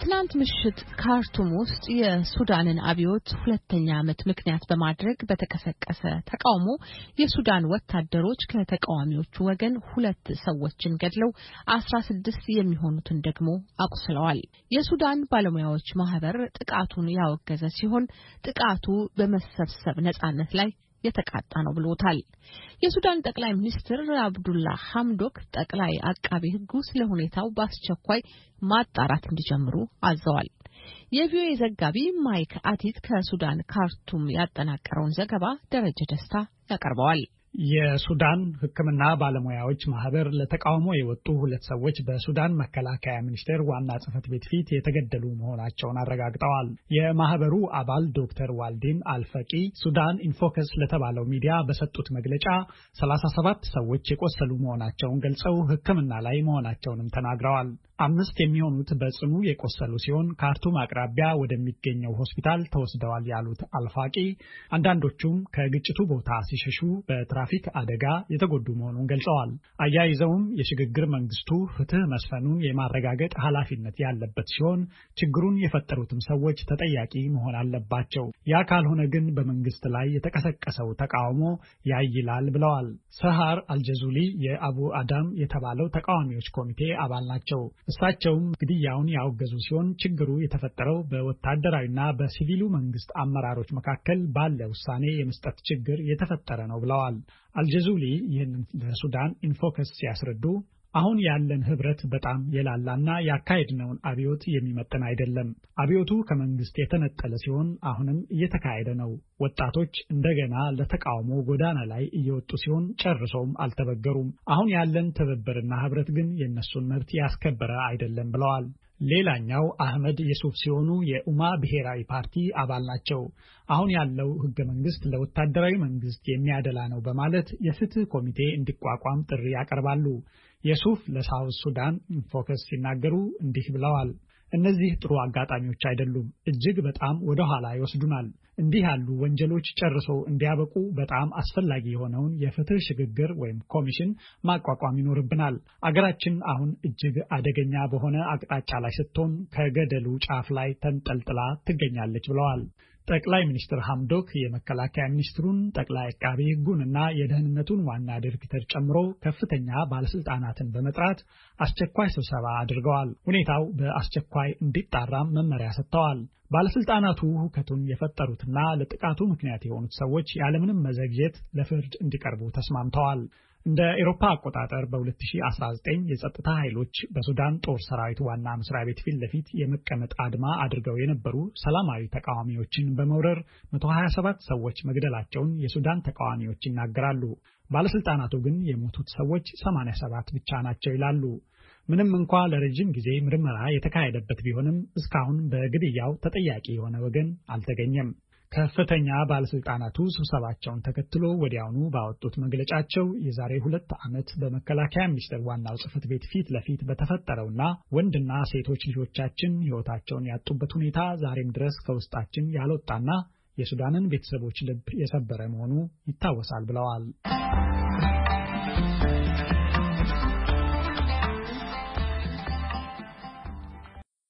ትናንት ምሽት ካርቱም ውስጥ የሱዳንን አብዮት ሁለተኛ ዓመት ምክንያት በማድረግ በተቀሰቀሰ ተቃውሞ የሱዳን ወታደሮች ከተቃዋሚዎቹ ወገን ሁለት ሰዎችን ገድለው አስራ ስድስት የሚሆኑትን ደግሞ አቁስለዋል። የሱዳን ባለሙያዎች ማህበር ጥቃቱን ያወገዘ ሲሆን ጥቃቱ በመሰብሰብ ነጻነት ላይ የተቃጣ ነው ብሎታል። የሱዳን ጠቅላይ ሚኒስትር አብዱላ ሐምዶክ ጠቅላይ አቃቤ ሕጉ ስለ ሁኔታው በአስቸኳይ ማጣራት እንዲጀምሩ አዘዋል። የቪኦኤ ዘጋቢ ማይክ አቲት ከሱዳን ካርቱም ያጠናቀረውን ዘገባ ደረጀ ደስታ ያቀርበዋል። የሱዳን ሕክምና ባለሙያዎች ማህበር ለተቃውሞ የወጡ ሁለት ሰዎች በሱዳን መከላከያ ሚኒስቴር ዋና ጽህፈት ቤት ፊት የተገደሉ መሆናቸውን አረጋግጠዋል። የማህበሩ አባል ዶክተር ዋልዲን አልፈቂ ሱዳን ኢንፎከስ ለተባለው ሚዲያ በሰጡት መግለጫ 37 ሰዎች የቆሰሉ መሆናቸውን ገልጸው ሕክምና ላይ መሆናቸውንም ተናግረዋል። አምስት የሚሆኑት በጽኑ የቆሰሉ ሲሆን ካርቱም አቅራቢያ ወደሚገኘው ሆስፒታል ተወስደዋል ያሉት አልፋቂ አንዳንዶቹም ከግጭቱ ቦታ ሲሸሹ በትራፊክ አደጋ የተጎዱ መሆኑን ገልጸዋል። አያይዘውም የሽግግር መንግስቱ ፍትህ መስፈኑን የማረጋገጥ ኃላፊነት ያለበት ሲሆን ችግሩን የፈጠሩትም ሰዎች ተጠያቂ መሆን አለባቸው። ያ ካልሆነ ግን በመንግስት ላይ የተቀሰቀሰው ተቃውሞ ያይላል ብለዋል። ሰሃር አልጀዙሊ የአቡ አዳም የተባለው ተቃዋሚዎች ኮሚቴ አባል ናቸው። እሳቸውም ግድያውን ያወገዙ ሲሆን ችግሩ የተፈጠረው በወታደራዊና በሲቪሉ መንግስት አመራሮች መካከል ባለ ውሳኔ የመስጠት ችግር የተፈጠረ ነው ብለዋል። አልጀዙሊ ይህንን ለሱዳን ኢንፎከስ ሲያስረዱ አሁን ያለን ህብረት በጣም የላላና ያካሄድነውን አብዮት የሚመጥን አይደለም። አብዮቱ ከመንግስት የተነጠለ ሲሆን አሁንም እየተካሄደ ነው። ወጣቶች እንደገና ለተቃውሞ ጎዳና ላይ እየወጡ ሲሆን ጨርሶም አልተበገሩም። አሁን ያለን ትብብርና ህብረት ግን የእነሱን መብት ያስከበረ አይደለም ብለዋል። ሌላኛው አህመድ የሱፍ ሲሆኑ የኡማ ብሔራዊ ፓርቲ አባል ናቸው። አሁን ያለው ህገ መንግስት ለወታደራዊ መንግስት የሚያደላ ነው በማለት የፍትህ ኮሚቴ እንዲቋቋም ጥሪ ያቀርባሉ። የሱፍ ለሳውዝ ሱዳን ፎከስ ሲናገሩ እንዲህ ብለዋል። እነዚህ ጥሩ አጋጣሚዎች አይደሉም። እጅግ በጣም ወደ ኋላ ይወስዱናል። እንዲህ ያሉ ወንጀሎች ጨርሰው እንዲያበቁ በጣም አስፈላጊ የሆነውን የፍትህ ሽግግር ወይም ኮሚሽን ማቋቋም ይኖርብናል። አገራችን አሁን እጅግ አደገኛ በሆነ አቅጣጫ ላይ ስትሆን ከገደሉ ጫፍ ላይ ተንጠልጥላ ትገኛለች ብለዋል። ጠቅላይ ሚኒስትር ሐምዶክ የመከላከያ ሚኒስትሩን ጠቅላይ አቃቤ ሕጉንና የደህንነቱን ዋና ዳይሬክተር ጨምሮ ከፍተኛ ባለስልጣናትን በመጥራት አስቸኳይ ስብሰባ አድርገዋል። ሁኔታው በአስቸኳይ እንዲጣራም መመሪያ ሰጥተዋል። ባለስልጣናቱ ሁከቱን የፈጠሩትና ለጥቃቱ ምክንያት የሆኑት ሰዎች ያለምንም መዘግየት ለፍርድ እንዲቀርቡ ተስማምተዋል። እንደ ኤሮፓ አቆጣጠር በ2019 የጸጥታ ኃይሎች በሱዳን ጦር ሰራዊት ዋና መስሪያ ቤት ፊት ለፊት የመቀመጥ አድማ አድርገው የነበሩ ሰላማዊ ተቃዋሚዎችን በመውረር 127 ሰዎች መግደላቸውን የሱዳን ተቃዋሚዎች ይናገራሉ። ባለስልጣናቱ ግን የሞቱት ሰዎች 87 ብቻ ናቸው ይላሉ። ምንም እንኳ ለረጅም ጊዜ ምርመራ የተካሄደበት ቢሆንም እስካሁን በግድያው ተጠያቂ የሆነ ወገን አልተገኘም። ከፍተኛ ባለስልጣናቱ ስብሰባቸውን ተከትሎ ወዲያውኑ ባወጡት መግለጫቸው የዛሬ ሁለት ዓመት በመከላከያ ሚኒስቴር ዋናው ጽፈት ቤት ፊት ለፊት በተፈጠረውና ወንድና ሴቶች ልጆቻችን ሕይወታቸውን ያጡበት ሁኔታ ዛሬም ድረስ ከውስጣችን ያልወጣና የሱዳንን ቤተሰቦች ልብ የሰበረ መሆኑ ይታወሳል ብለዋል።